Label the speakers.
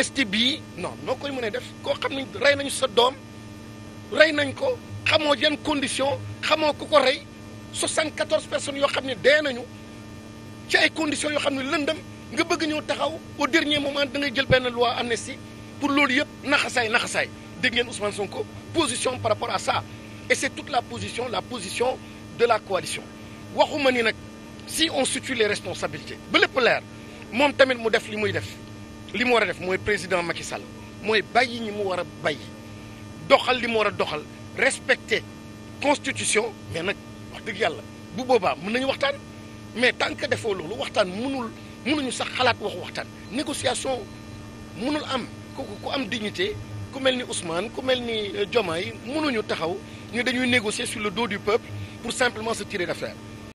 Speaker 1: amnistie bii non noo koy mën a def koo xam ne rey nañu sa doom rey nañ ko xamoo yan condition xamoo ku ko rey 74 personnes yoo xam ne dee nañu ci ay conditions yoo xam ne lëndëm nga bëgg ñëw taxaw au dernier moment da ngay jël benn loi amnistie pour loolu yëpp naxasaay naxasaay dégg ngeen Ousmane ko position par rapport à saa et c'est toute la position la position de la coalition waxuma ni nag si on situe les responsabilités ba lépp leer moom tamit mu def li muy def li mu war a def mooy président Macky Sall mooy bàyyi ñi mu war a bàyyi doxal li mu war a doxal respecter constitution mais nag wax dëgg yàlla bu boobaa mën nañu waxtaan mais tant que defoo loolu waxtaan mënul mënuñu sax xalaat waxu waxtaan négociation mënul am ku ku am dignité ku mel ni Ousmane ku mel ni euh, Diomaye mënuñu taxaw ñu dañuy négocier sur le dos du peuple pour simplement sa tirer d'affaire